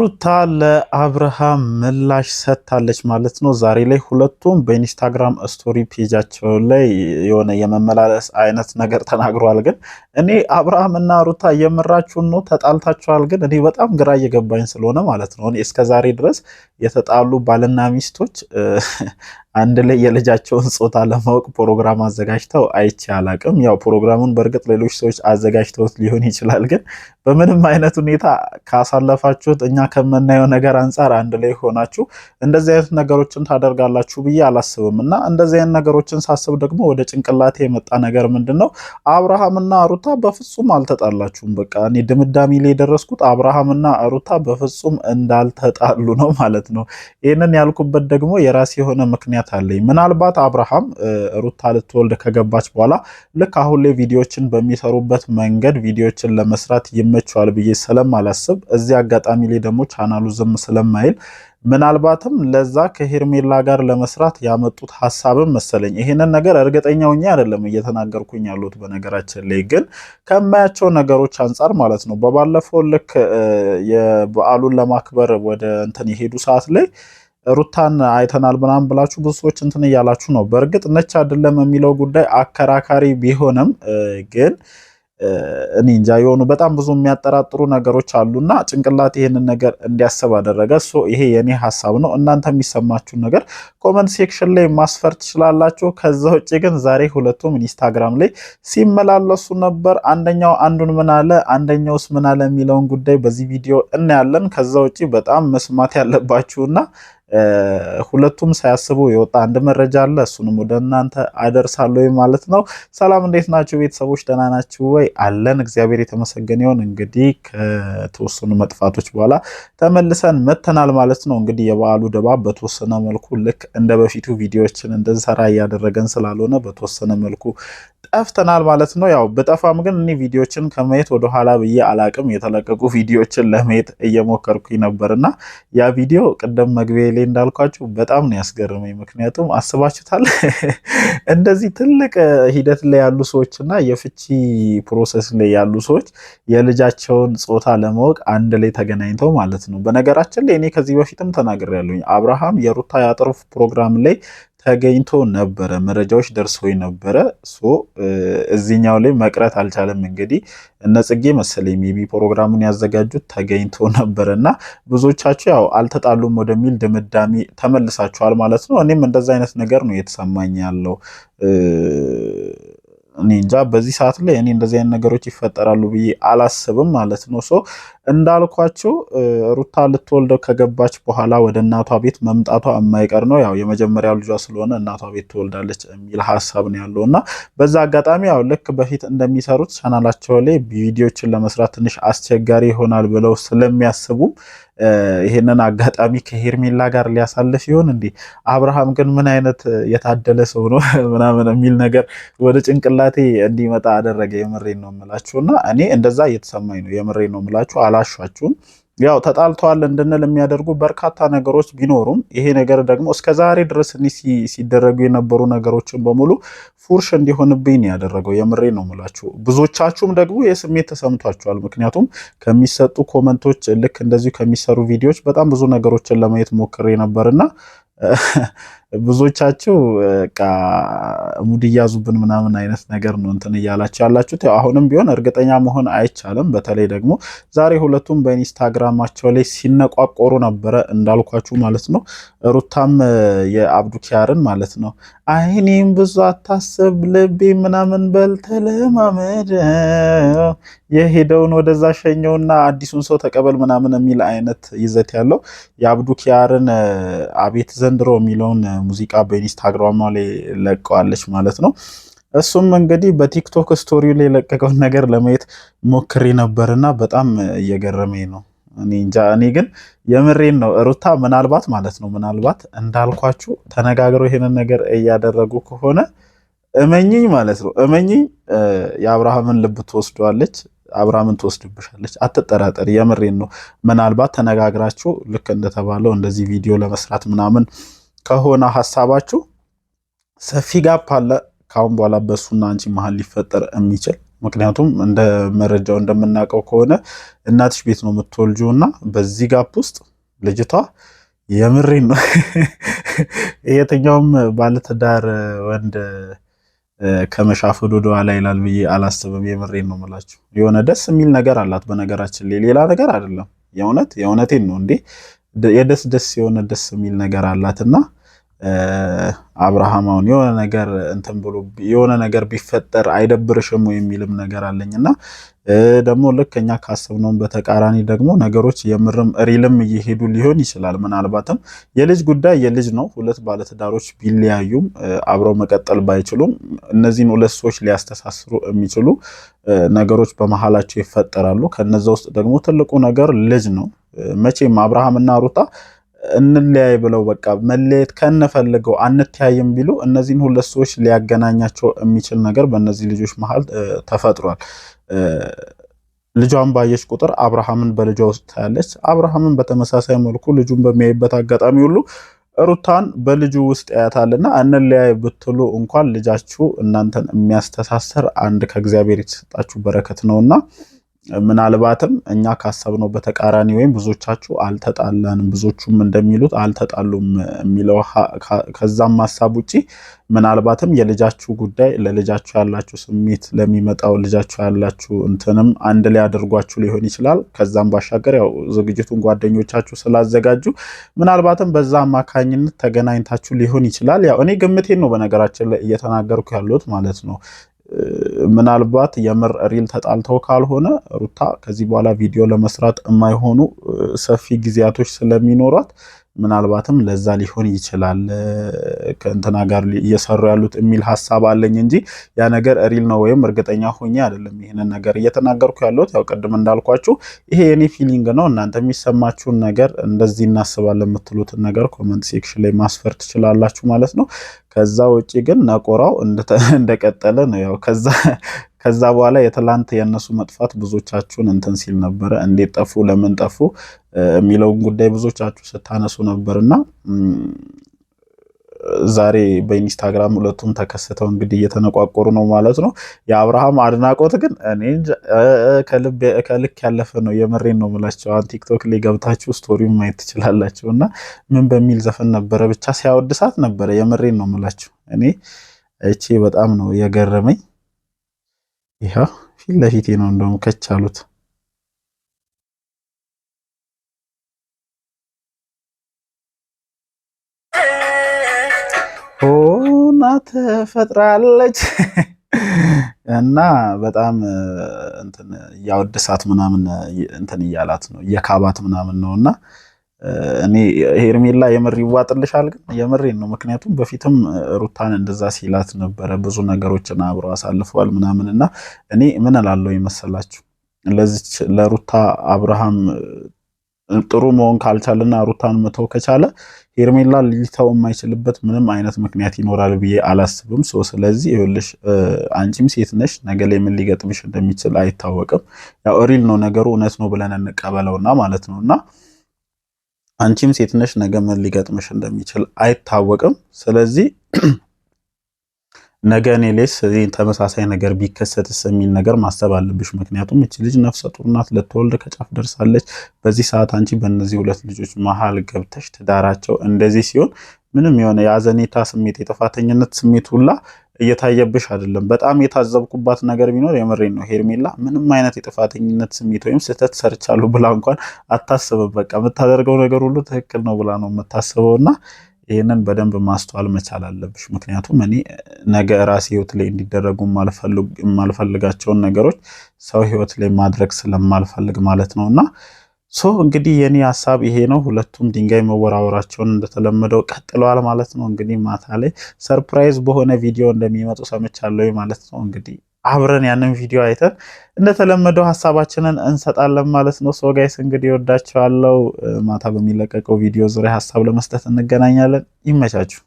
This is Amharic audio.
ሩታ ለአብርሃም ምላሽ ሰጥታለች ማለት ነው። ዛሬ ላይ ሁለቱም በኢንስታግራም ስቶሪ ፔጃቸው ላይ የሆነ የመመላለስ አይነት ነገር ተናግረዋል። ግን እኔ አብርሃም እና ሩታ የምራችሁን ነው ተጣልታችኋል፣ ግን እኔ በጣም ግራ እየገባኝ ስለሆነ ማለት ነው። እኔ ዛሬ ድረስ የተጣሉ ባልና ሚስቶች አንድ ላይ የልጃቸውን ጾታ ለማወቅ ፕሮግራም አዘጋጅተው አይቼ አላቅም። ያው ፕሮግራሙን በእርግጥ ሌሎች ሰዎች አዘጋጅተውት ሊሆን ይችላል፣ ግን በምንም አይነት ሁኔታ ካሳለፋችሁት እኛ ከምናየው ነገር አንጻር አንድ ላይ ሆናችሁ እንደዚህ አይነት ነገሮችን ታደርጋላችሁ ብዬ አላስብም። እና እንደዚህ አይነት ነገሮችን ሳስብ ደግሞ ወደ ጭንቅላቴ የመጣ ነገር ምንድን ነው አብርሃምና ሩ ሩታ በፍጹም አልተጣላችሁም። በቃ እኔ ድምዳሜ ላይ የደረስኩት አብርሃምና ሩታ በፍጹም እንዳልተጣሉ ነው ማለት ነው። ይህንን ያልኩበት ደግሞ የራሴ የሆነ ምክንያት አለኝ። ምናልባት አብርሃም ሩታ ልትወልድ ከገባች በኋላ ልክ አሁን ላይ ቪዲዮችን በሚሰሩበት መንገድ ቪዲዮችን ለመስራት ይመቸዋል ብዬ ስለማላስብ እዚህ አጋጣሚ ላይ ደግሞ ቻናሉ ዝም ስለማይል ምናልባትም ለዛ ከሄርሜላ ጋር ለመስራት ያመጡት ሀሳብም መሰለኝ። ይሄንን ነገር እርግጠኛ ሆኜ አይደለም እየተናገርኩኝ ያሉት። በነገራችን ላይ ግን ከማያቸው ነገሮች አንጻር ማለት ነው። በባለፈው ልክ የበዓሉን ለማክበር ወደ እንትን የሄዱ ሰዓት ላይ ሩታን አይተናል ምናምን ብላችሁ ብዙ ሰዎች እንትን እያላችሁ ነው። በእርግጥ ነች አይደለም የሚለው ጉዳይ አከራካሪ ቢሆንም ግን እኔ እንጃ የሆኑ በጣም ብዙ የሚያጠራጥሩ ነገሮች አሉና ጭንቅላት ይህንን ነገር እንዲያስብ አደረገ። ይሄ የኔ ሀሳብ ነው። እናንተ የሚሰማችሁን ነገር ኮመንት ሴክሽን ላይ ማስፈር ትችላላችሁ። ከዛ ውጭ ግን ዛሬ ሁለቱም ኢንስታግራም ላይ ሲመላለሱ ነበር። አንደኛው አንዱን ምን አለ፣ አንደኛውስ ምን አለ የሚለውን ጉዳይ በዚህ ቪዲዮ እናያለን። ከዛ ውጭ በጣም መስማት ያለባችሁና ሁለቱም ሳያስቡ የወጣ አንድ መረጃ አለ። እሱንም ወደ እናንተ አደርሳለሁ ማለት ነው። ሰላም እንዴት ናችሁ ቤተሰቦች? ደህና ናችሁ ወይ? አለን እግዚአብሔር የተመሰገነ ይሁን። እንግዲህ ከተወሰኑ መጥፋቶች በኋላ ተመልሰን መተናል ማለት ነው። እንግዲህ የበዓሉ ድባብ በተወሰነ መልኩ ልክ እንደ በፊቱ ቪዲዮዎችን እንድንሰራ እያደረገን ስላልሆነ በተወሰነ መልኩ ጠፍተናል ማለት ነው። ያው በጠፋም ግን እኔ ቪዲዮችን ከማየት ወደኋላ ብዬ አላቅም። የተለቀቁ ቪዲዮችን ለማየት እየሞከርኩኝ ነበር እና ያ ቪዲዮ ቅደም መግቢያ ላይ እንዳልኳችሁ በጣም ነው ያስገርመኝ። ምክንያቱም አስባችሁታል እንደዚህ ትልቅ ሂደት ላይ ያሉ ሰዎች እና የፍቺ ፕሮሰስ ላይ ያሉ ሰዎች የልጃቸውን ጾታ ለማወቅ አንድ ላይ ተገናኝተው ማለት ነው። በነገራችን ላይ እኔ ከዚህ በፊትም ተናግሬያለሁኝ አብርሃም የሩታ የአጥር ፕሮግራም ላይ ተገኝቶ ነበረ፣ መረጃዎች ደርሶ ነበረ። እዚኛው ላይ መቅረት አልቻለም። እንግዲህ እነ ጽጌ መሰለኝ ሜቢ ፕሮግራሙን ያዘጋጁት ተገኝቶ ነበረ እና ብዙዎቻችሁ ያው አልተጣሉም ወደሚል ድምዳሜ ተመልሳችኋል ማለት ነው። እኔም እንደዛ አይነት ነገር ነው የተሰማኝ ያለው። እኔ እንጃ በዚህ ሰዓት ላይ እኔ እንደዚህ አይነት ነገሮች ይፈጠራሉ ብዬ አላስብም ማለት ነው። ሶ እንዳልኳችሁ ሩታ ልትወልደው ከገባች በኋላ ወደ እናቷ ቤት መምጣቷ የማይቀር ነው። ያው የመጀመሪያው ልጇ ስለሆነ እናቷ ቤት ትወልዳለች የሚል ሀሳብ ነው ያለው እና በዛ አጋጣሚ ያው ልክ በፊት እንደሚሰሩት ቻናላቸው ላይ ቪዲዮችን ለመስራት ትንሽ አስቸጋሪ ይሆናል ብለው ስለሚያስቡም ይሄንን አጋጣሚ ከሄርሜላ ጋር ሊያሳልፍ ይሆን እንዴ? አብርሃም ግን ምን አይነት የታደለ ሰው ነው ምናምን የሚል ነገር ወደ ጭንቅላ ጭንቅላቴ እንዲመጣ አደረገ። የምሬን ነው የምላችሁና እኔ እንደዛ እየተሰማኝ ነው። የምሬን ነው የምላችሁ፣ አላሿችሁም። ያው ተጣልተዋል እንድንል የሚያደርጉ በርካታ ነገሮች ቢኖሩም ይሄ ነገር ደግሞ እስከ ዛሬ ድረስ እኔ ሲደረጉ የነበሩ ነገሮችን በሙሉ ፉርሽ እንዲሆንብኝ ያደረገው የምሬ ነው ምላችሁ። ብዙዎቻችሁም ደግሞ የስሜት ተሰምቷችኋል። ምክንያቱም ከሚሰጡ ኮመንቶች ልክ እንደዚሁ ከሚሰሩ ቪዲዮዎች በጣም ብዙ ነገሮችን ለማየት ሞክሬ ነበርና ብዙዎቻችሁ በቃ ሙድ እያዙብን ምናምን አይነት ነገር ነው እንትን እያላችሁ ያላችሁት። ያው አሁንም ቢሆን እርግጠኛ መሆን አይቻልም። በተለይ ደግሞ ዛሬ ሁለቱም በኢንስታግራማቸው ላይ ሲነቋቆሩ ነበረ እንዳልኳችሁ ማለት ነው። ሩታም የአብዱኪያርን ማለት ነው አይኔም ብዙ አታስብ ልቤ ምናምን በልተለማመደ የሄደውን ወደዛ ሸኘውና አዲሱን ሰው ተቀበል ምናምን የሚል አይነት ይዘት ያለው የአብዱኪያርን አቤት ዘንድሮ የሚለውን ሙዚቃ በኢንስታግራሟ ላይ ለቀዋለች ማለት ነው። እሱም እንግዲህ በቲክቶክ ስቶሪ ላይ የለቀቀውን ነገር ለማየት ሞክሬ ነበርና በጣም እየገረመኝ ነው። እኔ እንጃ እኔ ግን የምሬን ነው ሩታ፣ ምናልባት ማለት ነው ምናልባት እንዳልኳችሁ ተነጋግረው ይሄንን ነገር እያደረጉ ከሆነ እመኝኝ ማለት ነው እመኝኝ የአብርሃምን ልብ ትወስደዋለች፣ አብርሃምን ትወስድብሻለች። አትጠራጠሪ፣ የምሬን ነው። ምናልባት ተነጋግራችሁ ልክ እንደተባለው እንደዚህ ቪዲዮ ለመስራት ምናምን ከሆነ ሀሳባችሁ ሰፊ ጋፕ አለ ከአሁን በኋላ በእሱና አንቺ መሀል ሊፈጠር የሚችል ምክንያቱም እንደ መረጃው እንደምናውቀው ከሆነ እናትሽ ቤት ነው የምትወልጁ እና በዚህ ጋፕ ውስጥ ልጅቷ የምሬን ነው የትኛውም ባለትዳር ወንድ ከመሻፈድ ወደ ኋላ ይላል ብዬ አላስብም። የምሬን ነው የምላችሁ። የሆነ ደስ የሚል ነገር አላት። በነገራችን ላይ ሌላ ነገር አይደለም። የእውነት የእውነቴን ነው እንዴ የደስ ደስ የሆነ ደስ የሚል ነገር አላትና አብርሃማውን የሆነ ነገር እንትን ብሎ የሆነ ነገር ቢፈጠር አይደብርሽም የሚልም ነገር አለኝና ደግሞ ልክ እኛ ካሰብነውን በተቃራኒ ደግሞ ነገሮች የምርም ሪልም እየሄዱ ሊሆን ይችላል። ምናልባትም የልጅ ጉዳይ የልጅ ነው። ሁለት ባለትዳሮች ቢለያዩም አብረው መቀጠል ባይችሉም እነዚህን ሁለት ሰዎች ሊያስተሳስሩ የሚችሉ ነገሮች በመሀላቸው ይፈጠራሉ። ከነዛ ውስጥ ደግሞ ትልቁ ነገር ልጅ ነው። መቼም አብርሃምና ሩታ እንለያይ ብለው በቃ መለየት ከነፈልገው አንተያይም ቢሉ እነዚህን ሁለት ሰዎች ሊያገናኛቸው የሚችል ነገር በእነዚህ ልጆች መሀል ተፈጥሯል። ልጇን ባየች ቁጥር አብርሃምን በልጇ ውስጥ ታያለች። አብርሃምን በተመሳሳይ መልኩ ልጁን በሚያይበት አጋጣሚ ሁሉ ሩታን በልጁ ውስጥ ያያታልና እንለያይ ብትሉ እንኳን ልጃችሁ እናንተን የሚያስተሳሰር አንድ ከእግዚአብሔር የተሰጣችሁ በረከት ነውና ምናልባትም እኛ ካሰብነው በተቃራኒ ወይም ብዙዎቻችሁ አልተጣላንም፣ ብዙዎቹም እንደሚሉት አልተጣሉም የሚለው ከዛም ሀሳብ ውጪ ምናልባትም የልጃችሁ ጉዳይ ለልጃችሁ ያላችሁ ስሜት ለሚመጣው ልጃችሁ ያላችሁ እንትንም አንድ ላይ አድርጓችሁ ሊሆን ይችላል። ከዛም ባሻገር ያው ዝግጅቱን ጓደኞቻችሁ ስላዘጋጁ ምናልባትም በዛ አማካኝነት ተገናኝታችሁ ሊሆን ይችላል። ያው እኔ ግምቴን ነው በነገራችን ላይ እየተናገርኩ ያሉት ማለት ነው። ምናልባት የምር ሪል ተጣልተው ካልሆነ ሩታ ከዚህ በኋላ ቪዲዮ ለመስራት የማይሆኑ ሰፊ ጊዜያቶች ስለሚኖሯት ምናልባትም ለዛ ሊሆን ይችላል ከእንትና ጋር እየሰሩ ያሉት የሚል ሀሳብ አለኝ እንጂ ያ ነገር ሪል ነው ወይም እርግጠኛ ሆኜ አይደለም ይህንን ነገር እየተናገርኩ ያለሁት። ያው ቅድም እንዳልኳችሁ ይሄ የኔ ፊሊንግ ነው። እናንተ የሚሰማችሁን ነገር እንደዚህ እናስባለን የምትሉትን ነገር ኮመንት ሴክሽን ላይ ማስፈር ትችላላችሁ ማለት ነው። ከዛ ውጭ ግን ነቆራው እንደቀጠለ ነው። ያው ከዛ ከዛ በኋላ የትላንት የእነሱ መጥፋት ብዙዎቻችሁን እንትን ሲል ነበረ። እንዴት ጠፉ፣ ለምን ጠፉ የሚለውን ጉዳይ ብዙዎቻችሁ ስታነሱ ነበርና ዛሬ በኢንስታግራም ሁለቱም ተከስተው እንግዲህ እየተነቋቆሩ ነው ማለት ነው። የአብርሃም አድናቆት ግን እኔ ከልክ ያለፈ ነው። የመሬን ነው የምላቸው። አሁን ቲክቶክ ላይ ገብታችሁ ስቶሪውን ማየት ትችላላችሁ። እና ምን በሚል ዘፈን ነበረ ብቻ ሲያወድሳት ነበረ። የመሬን ነው የምላችሁ እኔ እቺ በጣም ነው የገረመኝ። ይሄ ፊት ለፊቴ ነው። እንደውም ከች አሉት። ሆና ፈጥራለች እና በጣም እንትን እያወደሳት ምናምን እንትን እያላት ነው እየካባት ምናምን ነውና እኔ ሄርሜላ የምር ይዋጥልሻል፣ ግን የምሬን ነው። ምክንያቱም በፊትም ሩታን እንደዛ ሲላት ነበረ። ብዙ ነገሮችን አብረው አሳልፈዋል ምናምን እና እኔ ምን እላለሁ ይመስላችሁ ለዚች ለሩታ አብርሃም ጥሩ መሆን ካልቻለና ሩታን መተው ከቻለ ሄርሜላ ሊተው የማይችልበት ምንም አይነት ምክንያት ይኖራል ብዬ አላስብም። ሶ ስለዚህ ይኸውልሽ አንቺም ሴት ነሽ፣ ነገ ላይ ምን ሊገጥምሽ እንደሚችል አይታወቅም። ያው ሪል ነው ነገሩ፣ እውነት ነው ብለን እንቀበለውና ማለት ነውና አንቺም ሴት ነሽ፣ ነገ ምን ሊገጥምሽ እንደሚችል አይታወቅም። ስለዚህ ነገ እኔ ሌስ ተመሳሳይ ነገር ቢከሰትስ የሚል ነገር ማሰብ አለብሽ። ምክንያቱም እቺ ልጅ ነፍሰ ጡር ናት፣ ልትወልድ ከጫፍ ደርሳለች። በዚህ ሰዓት አንቺ በእነዚህ ሁለት ልጆች መሀል ገብተሽ ትዳራቸው እንደዚህ ሲሆን ምንም የሆነ የአዘኔታ ስሜት የጥፋተኝነት ስሜት ሁላ እየታየብሽ አይደለም። በጣም የታዘብኩባት ነገር ቢኖር የምሬን ነው ሄርሜላ ምንም አይነት የጥፋተኝነት ስሜት ወይም ስህተት ሰርቻለሁ ብላ እንኳን አታስብም። በቃ የምታደርገው ነገር ሁሉ ትክክል ነው ብላ ነው የምታስበው እና ይህንን በደንብ ማስተዋል መቻል አለብሽ። ምክንያቱም እኔ ነገ ራሴ ህይወት ላይ እንዲደረጉ የማልፈልጋቸውን ነገሮች ሰው ህይወት ላይ ማድረግ ስለማልፈልግ ማለት ነው እና ሶ እንግዲህ የኔ ሀሳብ ይሄ ነው። ሁለቱም ድንጋይ መወራወራቸውን እንደተለመደው ቀጥለዋል ማለት ነው። እንግዲህ ማታ ላይ ሰርፕራይዝ በሆነ ቪዲዮ እንደሚመጡ ሰምቻለሁ ማለት ነው። እንግዲህ አብረን ያንን ቪዲዮ አይተን እንደተለመደው ሀሳባችንን እንሰጣለን ማለት ነው። ሶ ጋይስ እንግዲህ ወዳቸዋለው። ማታ በሚለቀቀው ቪዲዮ ዙሪያ ሀሳብ ለመስጠት እንገናኛለን። ይመቻችሁ።